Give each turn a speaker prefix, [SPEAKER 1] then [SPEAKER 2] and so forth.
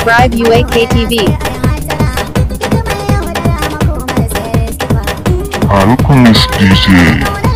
[SPEAKER 1] subscribe UAKTV.
[SPEAKER 2] Alchemist DJ.